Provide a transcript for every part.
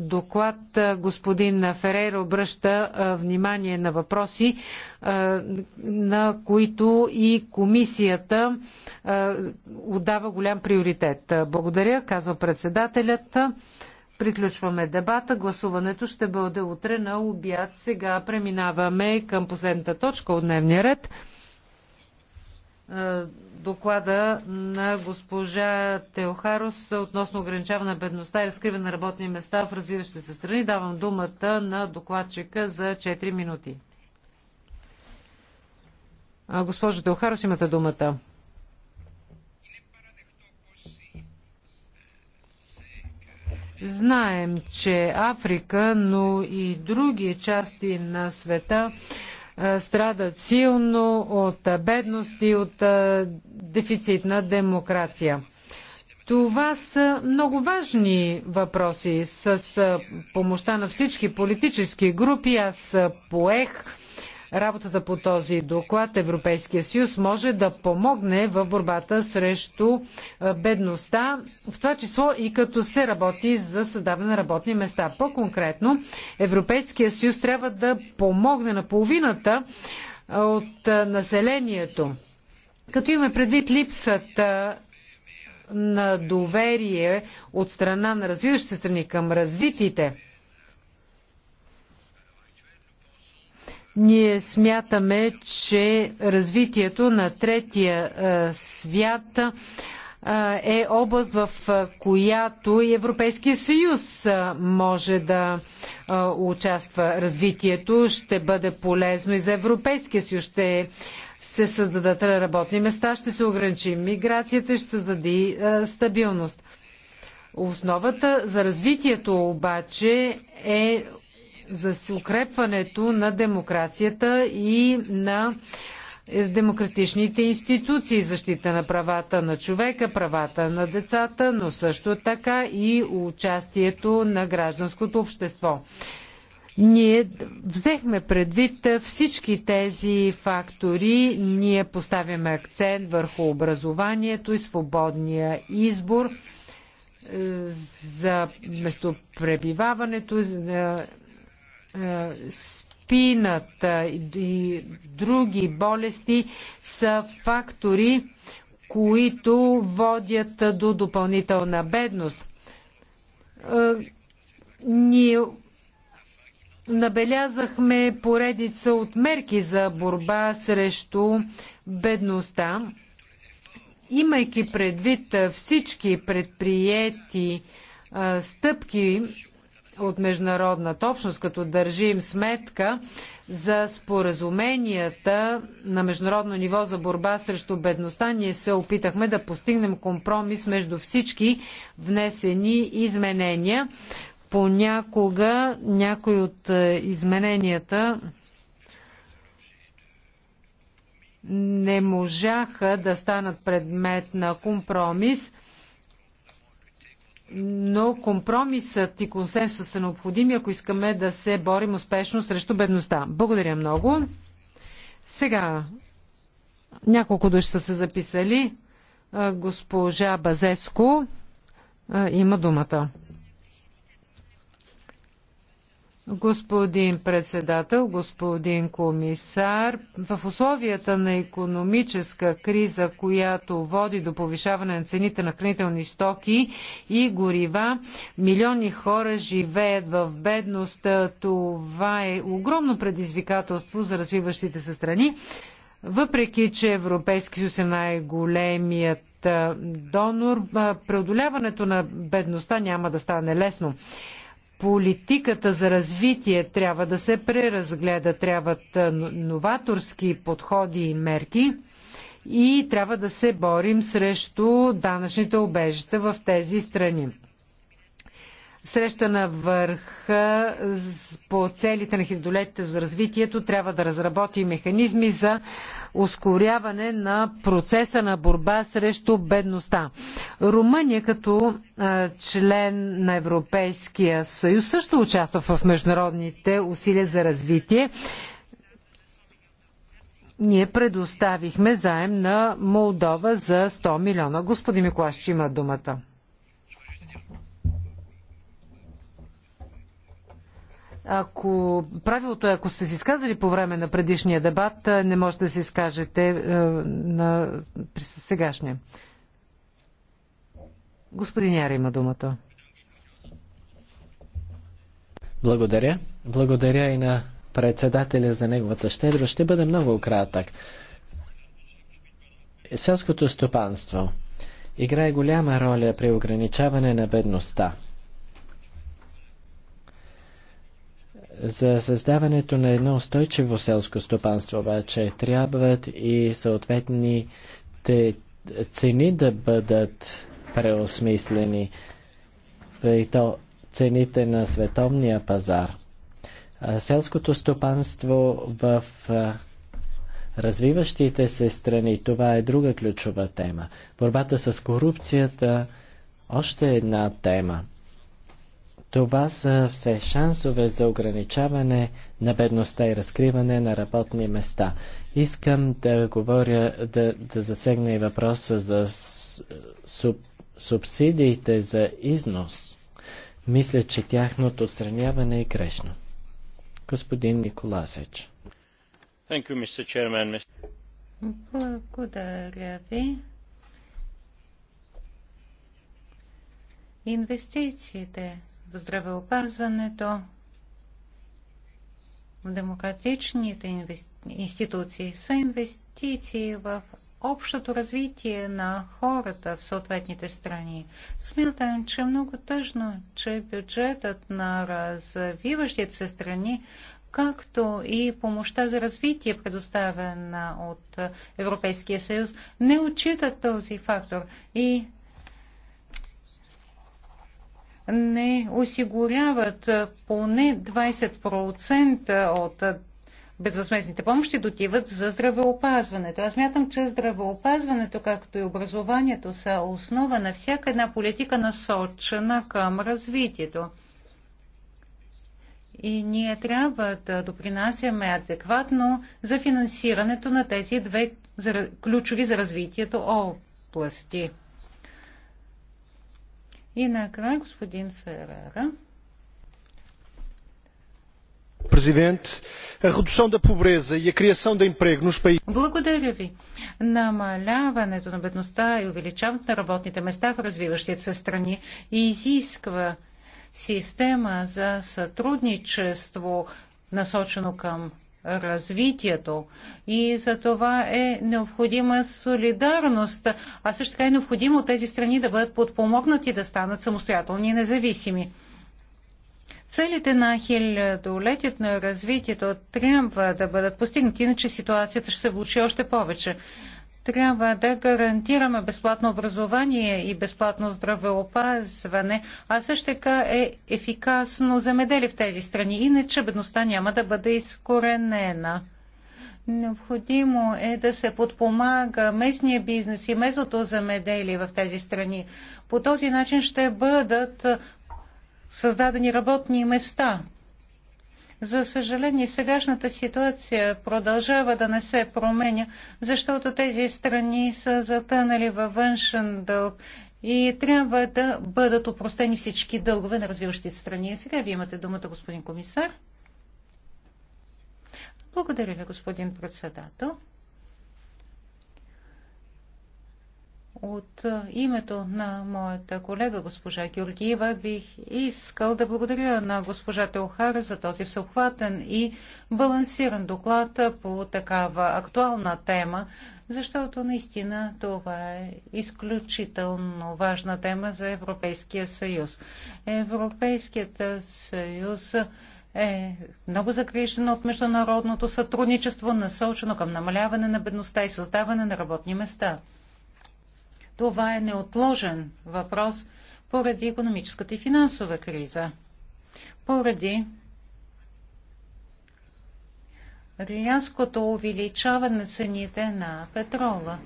доклад господин Ферер обръща внимание на въпроси, на които и комисията отдава голям приоритет. Благодаря, казва председателят. Приключваме дебата. Гласуването ще бъде утре на обяд. Сега преминаваме към последната точка от дневния ред. Е, доклада на госпожа Теохарос относно ограничаване на бедността и разкриване на работни места в развиващи се страни. Давам думата на докладчика за 4 минути. Е, госпожо Теохарос, имате думата. Знаем, че Африка, но и други части на света страдат силно от бедност и от дефицит на демокрация. Това са много важни въпроси. С помощта на всички политически групи аз поех работата по този доклад. Европейския съюз може да помогне в борбата срещу бедността, в това число и като се работи за създаване на работни места. По-конкретно, Европейския съюз трябва да помогне на половината от населението. Като имаме предвид липсата на доверие от страна на развиващите страни към развитите, Ние смятаме, че развитието на третия е, свят е, е област, в която и Европейския съюз е, може да участва. Развитието ще бъде полезно и за Европейския съюз. Ще се създадат работни места, ще се ограничи миграцията, ще създаде стабилност. Основата за развитието обаче е за укрепването на демокрацията и на е, демократичните институции, защита на правата на човека, правата на децата, но също така и участието на гражданското общество. Ние взехме предвид всички тези фактори. Ние поставяме акцент върху образованието и свободния избор е, за местопребиваването, е, е, спината е, и други болести са фактори, които водят до допълнителна бедност. Е, ние набелязахме поредица от мерки за борба срещу бедността, имайки предвид всички предприети стъпки от международната общност, като държим сметка за споразуменията на международно ниво за борба срещу бедността, ние се опитахме да постигнем компромис между всички внесени изменения. Понякога някои от е, измененията не можаха да станат предмет на компромис но компромисът и консенсус са необходими, ако искаме да се борим успешно срещу бедността. Благодаря много. Сега, няколко души са се записали. Госпожа Базеско има думата. Господин председател, господин комисар, в условията на економическа криза, която води до повишаване на цените на хранителни стоки и горива, милиони хора живеят в бедност. Това е огромно предизвикателство за развиващите се страни. Въпреки, че Европейски съюз е най-големият донор, преодоляването на бедността няма да стане лесно политиката за развитие трябва да се преразгледа, трябват новаторски подходи и мерки и трябва да се борим срещу данъчните обежища в тези страни среща на върха по целите на хидолетите за развитието трябва да разработи механизми за ускоряване на процеса на борба срещу бедността. Румъния като член на Европейския съюз също участва в международните усилия за развитие. Ние предоставихме заем на Молдова за 100 милиона. Господин Миколаш, има думата. Ако правилото е, ако сте се изказали по време на предишния дебат, е, не можете да се изкажете е, на, при сегашния. Господин Яра има думата. Благодаря. Благодаря и на председателя за неговата щедро. Ще бъде много кратък. Селското стопанство играе голяма роля при ограничаване на бедността. За създаването на едно устойчиво селско стопанство обаче трябват и съответните цени да бъдат преосмислени. И то цените на световния пазар. Селското стопанство в развиващите се страни, това е друга ключова тема. Борбата с корупцията, още една тема. Това са все шансове за ограничаване на бедността и разкриване на работни места. Искам да говоря, да, да засегна и въпроса за суб, субсидиите за износ. Мисля, че тяхното отстраняване е грешно. Господин Николасич. Благодаря ви. Инвестициите в здравеопазването, в демократичните институции са инвестиции в общото развитие на хората в съответните страни. Смятам, че е много тъжно, че бюджетът на развиващите се страни, както и помощта за развитие, предоставена от Европейския съюз, не отчитат този фактор и не осигуряват поне 20% от безвъзмезните помощи дотиват за здравеопазването. Аз мятам, че здравеопазването, както и образованието, са основа на всяка една политика насочена към развитието. И ние трябва да допринасяме адекватно за финансирането на тези две ключови за развитието области. И накрая господин Ферера. Президент, редукção da pobreza и e a criação de emprego nos países. Благодаря ви. Намаляването на бедността и увеличаването на работните места в развиващите се страни изисква система за сътрудничество, насочено към развитието. И за това е необходима солидарност, а също така е необходимо тези страни да бъдат подпомогнати да станат самостоятелни и независими. Целите на хилядолетието на развитието трябва да бъдат постигнати, иначе ситуацията ще се влучи още повече трябва да гарантираме безплатно образование и безплатно здравеопазване, а също така е ефикасно земеделие в тези страни. Иначе бедността няма да бъде изкоренена. Необходимо е да се подпомага местния бизнес и местното земеделие в тези страни. По този начин ще бъдат създадени работни места. За съжаление, сегашната ситуация продължава да не се променя, защото тези страни са затънали във външен дълг и трябва да бъдат упростени всички дългове на развиващите страни. Сега вие имате думата, господин комисар. Благодаря ви, господин председател. От името на моята колега госпожа Георгиева бих искал да благодаря на госпожа Теохара за този всеобхватен и балансиран доклад по такава актуална тема, защото наистина това е изключително важна тема за Европейския съюз. Европейският съюз е много загрижено от международното сътрудничество, насочено към намаляване на бедността и създаване на работни места. Това е неотложен въпрос поради економическата и финансова криза, поради рязкото увеличаване на цените на петрола.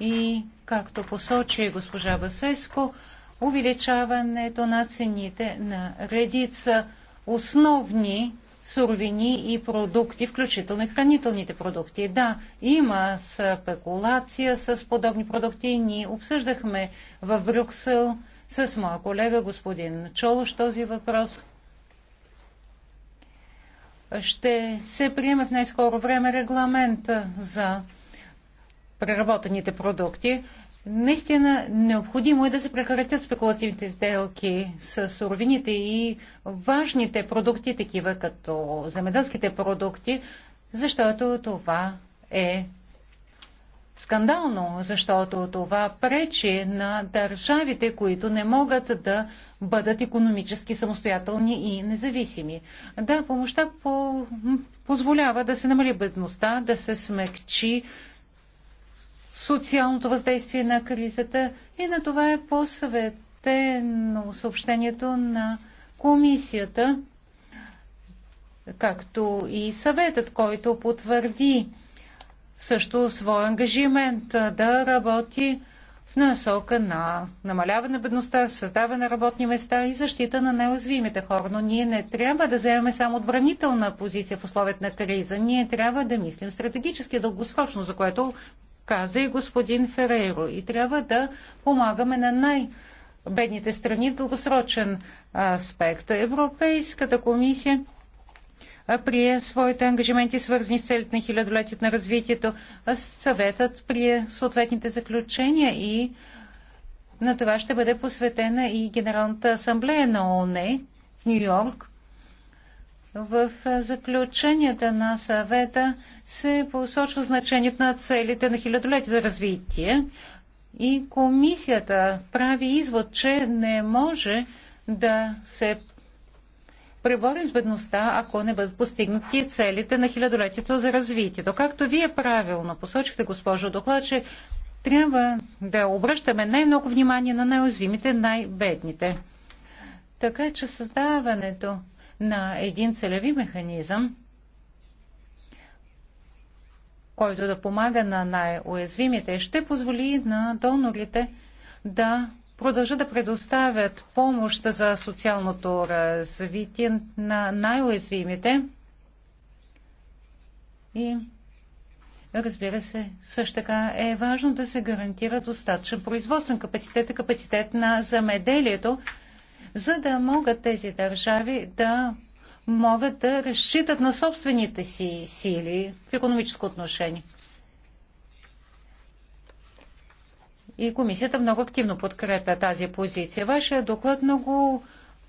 И, както посочи госпожа Басеско, увеличаването на цените на редица основни суровини и продукти, включително и хранителните продукти. Да, има спекулация с подобни продукти. Ние обсъждахме в Брюксел с моя колега господин Чолош този въпрос. Ще се приеме в най-скоро време регламент за преработените продукти. Наистина необходимо е да се прекратят спекулативните сделки с суровините и важните продукти, такива като земеделските продукти, защото това е скандално, защото това пречи на държавите, които не могат да бъдат економически самостоятелни и независими. Да, помощта по... позволява да се намали бедността, да се смекчи социалното въздействие на кризата и на това е посъветено съобщението на комисията, както и съветът, който потвърди също своя ангажимент да работи в насока на намаляване на бедността, създаване на работни места и защита на неуязвимите хора. Но ние не трябва да вземем само отбранителна позиция в условията на криза. Ние трябва да мислим стратегически дългосрочно, за което каза и господин Ферейро. И трябва да помагаме на най-бедните страни в дългосрочен аспект. Европейската комисия прие своите ангажименти, свързани с целите на хилядолетието на развитието. Съветът прие съответните заключения и на това ще бъде посветена и Генералната асамблея на ООН в Нью Йорк в заключенията на съвета се посочва значението на целите на хилядолетие за развитие и комисията прави извод, че не може да се преборим с бедността, ако не бъдат постигнати целите на хилядолетието за развитието. Както вие правилно посочихте, госпожо докладче, трябва да обръщаме най-много внимание на най-уязвимите, най-бедните. Така че създаването на един целеви механизъм, който да помага на най-уязвимите, ще позволи на донорите да продължат да предоставят помощ за социалното развитие на най-уязвимите. И разбира се, също така е важно да се гарантира достатъчен производствен капацитет и капацитет на замеделието, за да могат тези държави да могат да разчитат на собствените си сили в економическо отношение. И комисията много активно подкрепя тази позиция. Вашия доклад много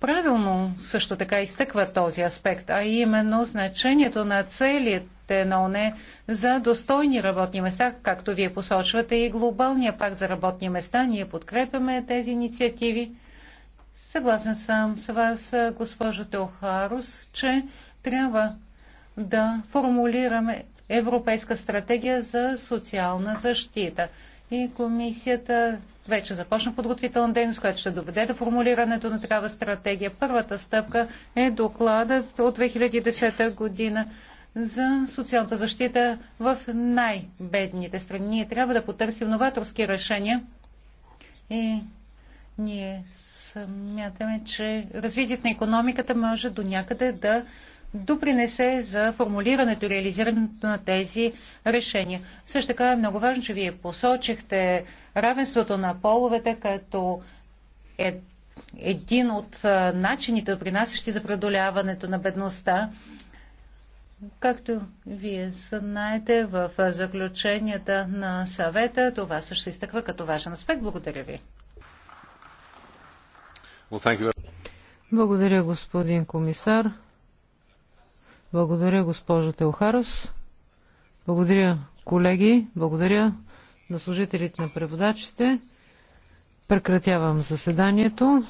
правилно също така изтъква този аспект, а именно значението на целите на ОНЕ за достойни работни места, както вие посочвате и глобалния пакт за работни места. Ние подкрепяме тези инициативи. Съгласен съм с вас, госпожо Теохарус, че трябва да формулираме Европейска стратегия за социална защита. И комисията вече започна подготвителна дейност, която ще доведе до формулирането на такава стратегия. Първата стъпка е докладът от 2010 година за социалната защита в най-бедните страни. Ние трябва да потърсим новаторски решения и ние смятаме, че развитието на економиката може до някъде да допринесе за формулирането и реализирането на тези решения. Също така е много важно, че вие посочихте равенството на половете като е един от начините, принасящи за преодоляването на бедността. Както вие знаете в заключенията на съвета, това също изтъква като важен аспект. Благодаря ви. Благодаря, господин комисар. Благодаря, госпожо Телхарос. Благодаря, колеги. Благодаря на служителите на преводачите. Прекратявам заседанието.